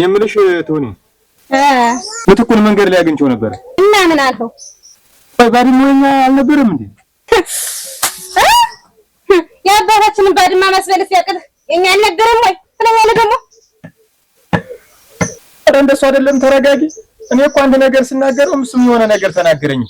የምልሽ ቶኒ ምትኩን መንገድ ላይ አግኝቼው ነበር እና ምን አልከው? ባድማኛ አልነበረም እንዴ? የአባታችንን ባድማ ማስመለስ ያቅት የኛ አልነበረም ወይ ስለሆነ ደግሞ እንደሱ አይደለም። ተረጋጊ። እኔ እኮ አንድ ነገር ስናገረው እሱም የሆነ ነገር ተናገረኝ።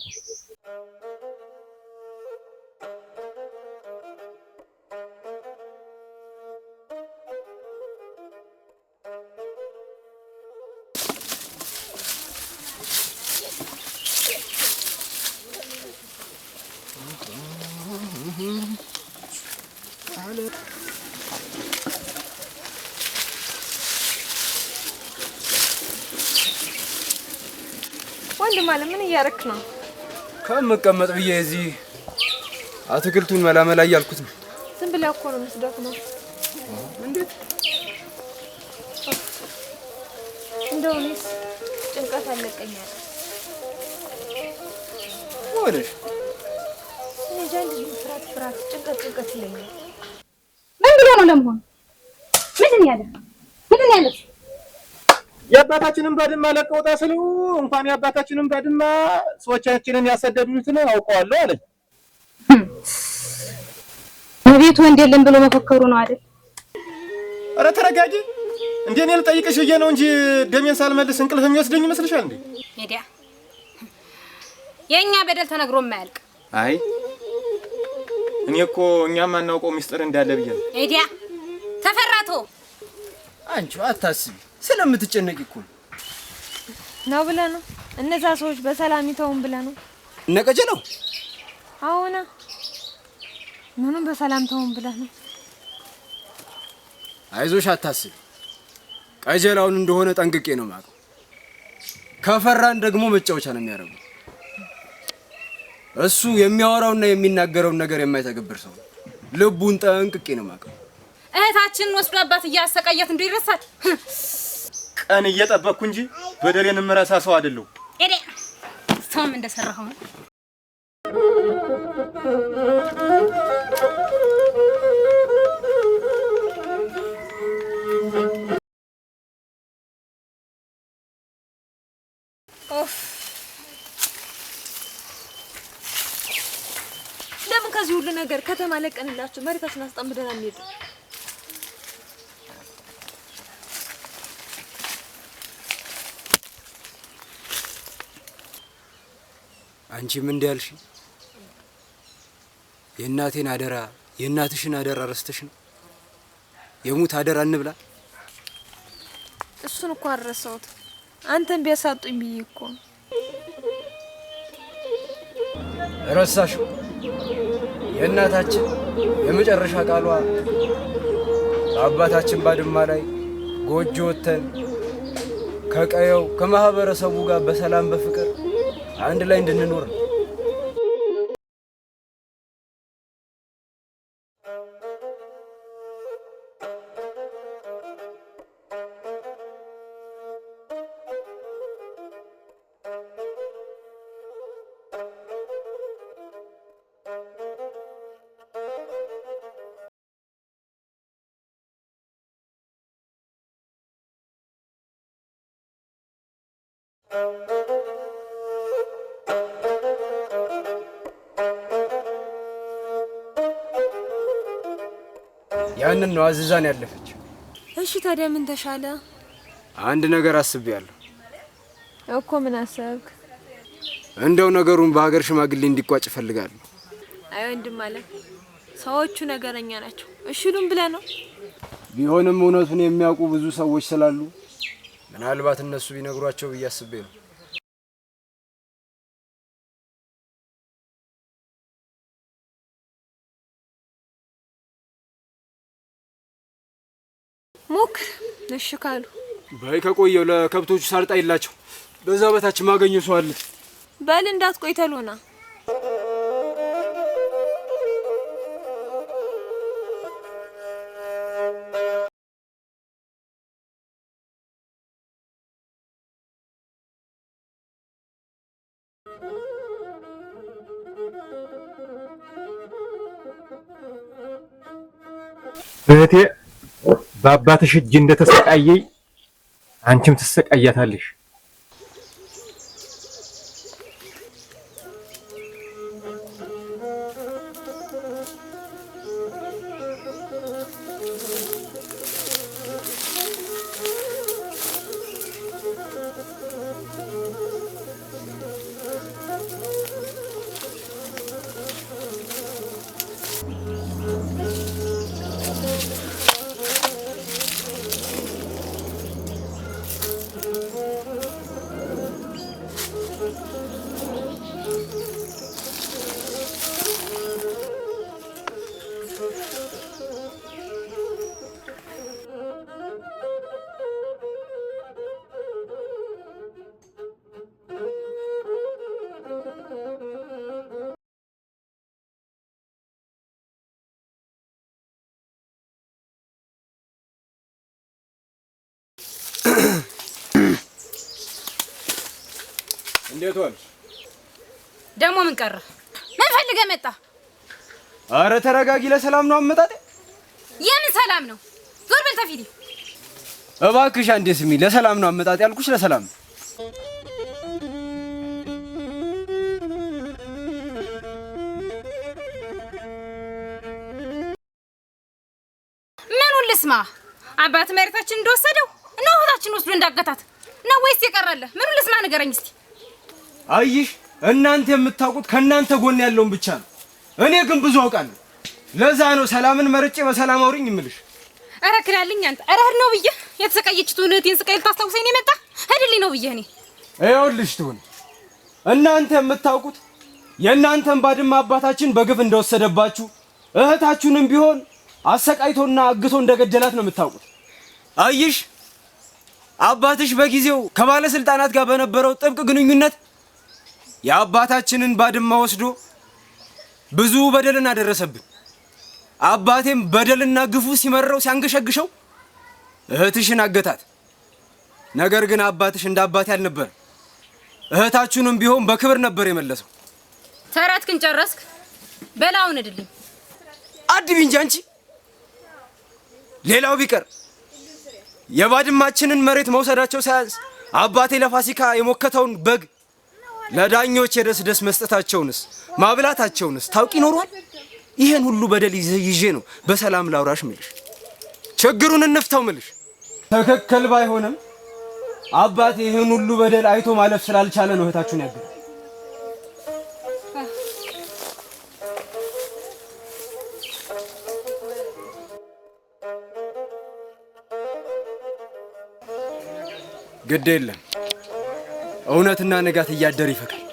እንዴ ማለት ምን እያረክ ነው? ከምቀመጥ ብዬ እዚህ አትክልቱን መላመላ እያልኩት ነው። ዝም ብለህ እኮ ነው የምትደክመው። እንዴት እንደው እኔስ ጭንቀት አለቀኛል። ወለሽ እኔ ፍራት ፍራት ጭንቀት ጭንቀት ይለኛል። ምን ብሎ ነው ለመሆኑ? ምንድን ያለ ምንድን ያለች የአባታችንን ባድማ ለቀውጣ ስሉ እንኳን የአባታችንን ባድማ ሰዎቻችንን ያሰደዱትን አውቀዋለሁ አለኝ። በቤት ወንድ የለም ብሎ መፈከሩ ነው አይደል? ኧረ ተረጋጊ። እንደ እኔ ልጠይቅሽ ብዬ ነው እንጂ ደሜን ሳልመልስ እንቅልፍ የሚወስደኝ ይመስልሻል እንዴ? ሜዲያ የእኛ በደል ተነግሮ የማያልቅ አይ እኔ እኮ እኛ ማናውቀው ሚስጥር እንዳለ ብዬ ነው። ሜዲያ ተፈራቶ አንቺ አታስቢ ስለምትጨነቂ እኮ ነው ብለህ ነው? እነዛ ሰዎች በሰላም ይተውን ብለህ ነው? ነቀጀ ነው አሁና ምኑን በሰላም ተውን ብለህ ነው? አይዞሽ አታስብ። ቀጀላውን እንደሆነ ጠንቅቄ ነው ማቀው ከፈራን ደግሞ መጫወቻ ነው የሚያደርጉት። እሱ የሚያወራውና የሚናገረውን ነገር የማይተገብር ሰው ልቡን ጠንቅቄ ነው ማቀው እህታችንን ወስዶ አባት እያሰቃያት እንደ ይረሳል። ቀን እየጠበቅኩ እንጂ በደሌን የምረሳ ሰው አይደለሁ። እዴ ሰውም እንደሰራኸው ነው። ለምን ከዚህ ሁሉ ነገር ከተማ ለቀንላችሁ መሬታችን አስጠምደና እንሄድ አንቺም እንዳልሽ የእናቴን አደራ የእናትሽን አደራ ረስተሽ ነው የሙት አደራ እንብላ። እሱን እኮ አረሰውት አንተን ቢያሳጡኝ ብዬ እኮ ረሳሽ። የእናታችን የመጨረሻ ቃሏ በአባታችን ባድማ ላይ ጎጆ ወተን ከቀየው ከማህበረሰቡ ጋር በሰላም በፍቅር አንድ ላይ እንድንኖር ነው። Thank you. ያንን ነው አዝዛን ያለፈች። እሺ ታዲያ ምን ተሻለ? አንድ ነገር አስቤያለሁ እኮ። ምን አሰብክ? እንደው ነገሩን በሀገር ሽማግሌ እንዲቋጭ እፈልጋለሁ። አይ ወንድም አለ ሰዎቹ ነገረኛ ናቸው። እሽሉም ብለ ነው። ቢሆንም እውነቱን የሚያውቁ ብዙ ሰዎች ስላሉ ምናልባት እነሱ ቢነግሯቸው ብዬ አስቤ ነው። ሞክር። እሺ ካሉ በይ ከቆየው ለከብቶቹ ሳርጣ የላቸው በዛ በታች ማገኘው ሰው አለ። በል እንዳትቆይ ተሎና እህቴ በአባትሽ እጅ እንደተሰቃየ አንቺም ትሰቃያታለሽ። እንዴት ዋልሽ? ደግሞ ምን ቀረ? ምን ፈልገ መጣ? አረ ተረጋጊ። ለሰላም ነው አመጣጤ። የምን ሰላም ነው? ዞር በል ተፊቴ። እባክሽ አንዴ ስሚ። ለሰላም ነው አመጣጤ ያልኩሽ፣ ለሰላም ነው ልስማ አባት መሬታችን እንደወሰደው ነው እህታችን ወስዶ እንዳገታት ነው ወይስ የቀረለ? ምኑን ልስማ ንገረኝ አይሽ እናንተ የምታውቁት ከእናንተ ጎን ያለውን ብቻ ነው። እኔ ግን ብዙ አውቃለሁ። ለዛ ነው ሰላምን መርጬ በሰላም አውሪኝ የምልሽ። ኧረ ክላልኝ አንተ ኧረ እህድ ነው ብዬ የተሰቃየችውን እህቴን ስቃይ ልታስታውሰኝ ነው የመጣ እህድልኝ ነው ብዬ እኔ ይኸውልሽ ትሁን እናንተ የምታውቁት የእናንተን ባድማ አባታችን በግፍ እንደወሰደባችሁ እህታችሁንም ቢሆን አሰቃይቶና አግቶ እንደገደላት ነው የምታውቁት። አይሽ አባትሽ በጊዜው ከባለስልጣናት ጋር በነበረው ጥብቅ ግንኙነት የአባታችንን ባድማ ወስዶ ብዙ በደልን አደረሰብን። አባቴም በደልና ግፉ ሲመረው ሲያንገሸግሸው እህትሽን አገታት። ነገር ግን አባትሽ እንደ አባቴ አልነበረ። እህታችሁንም ቢሆን በክብር ነበር የመለሰው። ተረትክን ጨረስክ? በላውን እድልኝ አድቢ እንጂ አንቺ። ሌላው ቢቀር የባድማችንን መሬት መውሰዳቸው ሳያንስ አባቴ ለፋሲካ የሞከተውን በግ ለዳኞች የደስ ደስ መስጠታቸውንስ ማብላታቸውንስ ታውቂ ይኖሯል። ይሄን ሁሉ በደል ይዤ ነው በሰላም ላውራሽ ምልሽ፣ ችግሩን እንፍተው ምልሽ። ትክክል ባይሆንም አባት ይህን ሁሉ በደል አይቶ ማለፍ ስላልቻለ ነው እህታችሁን ያገ ግድ የለም እውነትና ንጋት እያደር ይፈካል።